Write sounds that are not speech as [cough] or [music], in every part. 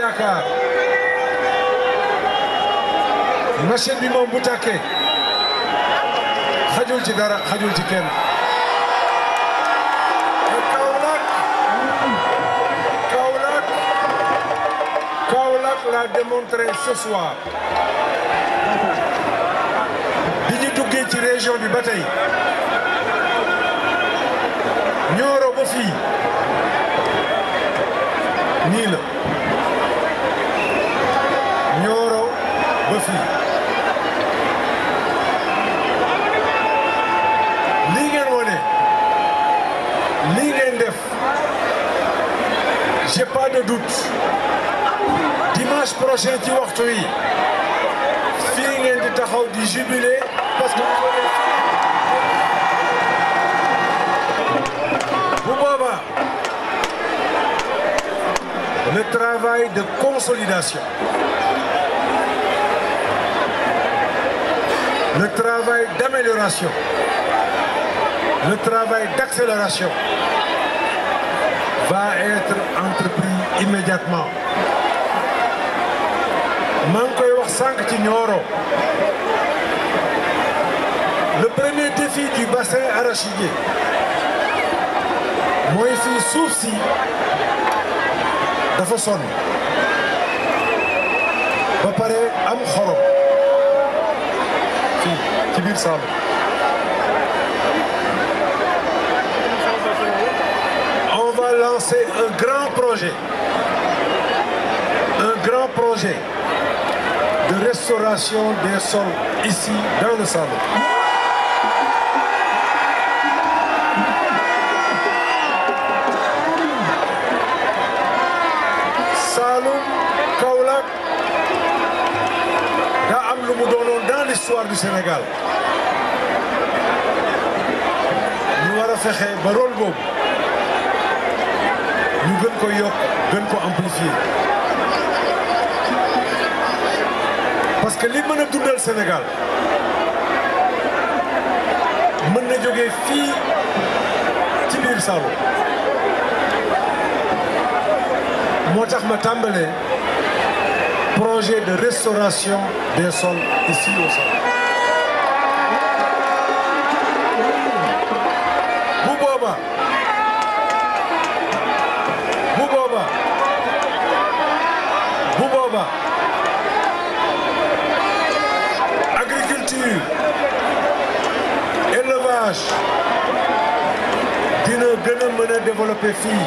yaakaar machine bi moom ci dara xajul ci kenn Kaolack Kaolack Kaolack l'a démontré ce soir bi ñu duggee ci région bi ba tey Nioro ba fii nii la j'ai pas de doute dimanche prochain vas waxtu tout. le de ta ta du jubilé parce que le travail de consolidation le travail d'amélioration le travail d'accélération va être entrepris immédiatement maa ngi koy wax ci le premier défi du bassin arachidier mooy fii suuf si dafa sonn ba pare am xorom fii ci biir Saloum C'est un grand projet, un grand projet de restauration des sols ici dans le salon. Saloum Kaolack dans l'histoire du Sénégal nous allons faire un rôle gën ko yokk gën ko amplifier parce que li mën a dundal Sénégal mën na jógee fii ci biir Saloum moo tax ma tàmbalee projet de restauration des sols ici au Saloum bu boobaa combat. Agriculture, élevage, d'une grande manière développer fii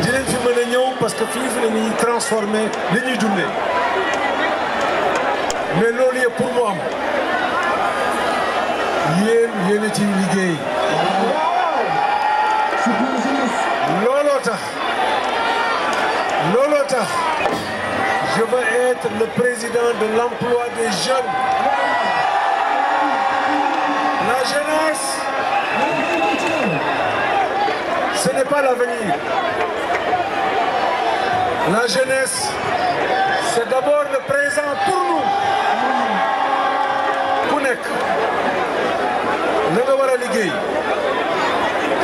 entreprise d'une dinañ fi ñëw parce que fii fi la ñuy transformer li ñuy mais loolu yëpp pour moi, am yéen yéen a ci liggéey. Lolota. je veux être le président de l'emploi des jeunes la jeunesse ce n'est pas l'avenir la jeunesse c'est d'abord le présent pour nous Kounek, le la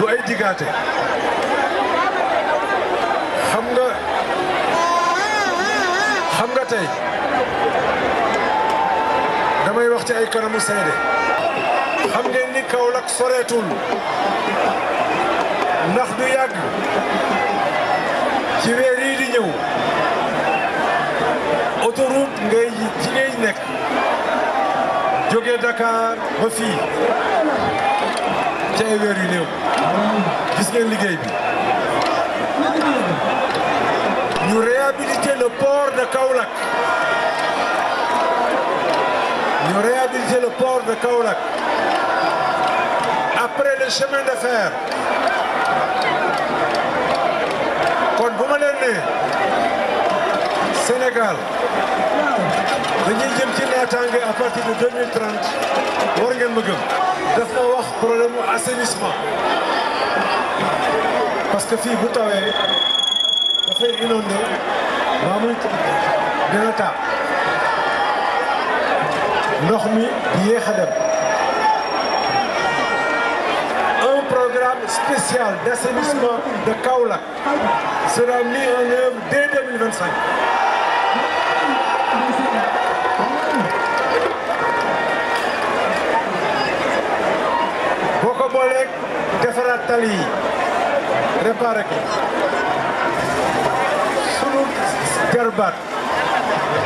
du [laughs] ay digaate xam nga xam nga tey damay wax ci ay kanamu seede xam ngeen ni Kaolack soreetul ndax du yàgg ci weer yii di ñëw autoroute ngay ci nekk jóge Dakar ba fii ci ay weer yu néew gis liggéey bi ñu réhabiliter le port de Kaolack ñu réhabiliter de Kaolack de fer kon bu ma leen ne Sénégal dañuy jëm ci naataange à partir de 2030 war ngeen ma gëm avoir un problème d'assainissement, parce que si vous un programme spécial d'assainissement de Kaula sera mis en œuvre dès 2025 tali yi réparé ko sunu jarbaat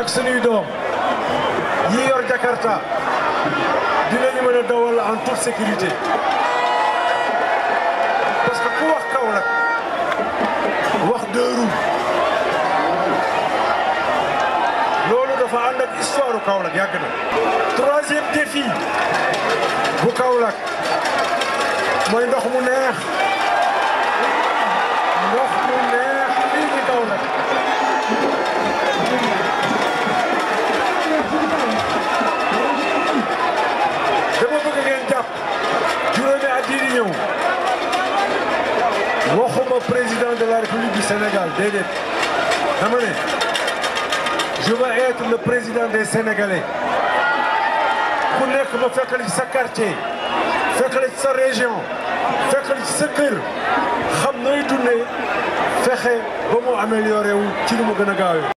ak sunuy doom yi yor Jakarta dinañu mën a dawal en toute sécurité parce que ku wax Kaolack wax deux roues loolu dafa ànd ak histoire Kaolack yàgg na troisième défi bu Kaolack mooy ndox mu neex ndox mu neex fii ci kaw nag dama bëgg ngeen jàpp juróomi at yii di ñëw waxuma président de la République du Sénégal déedéet dama ne je vais être le président des Sénégalais ku nekk ma fekkal ci sa quartier fekk la ci sa région fekk la ci sa kër xam nooy dundee fexe ba mu amélioré wu ci lu mu gën a gaawee.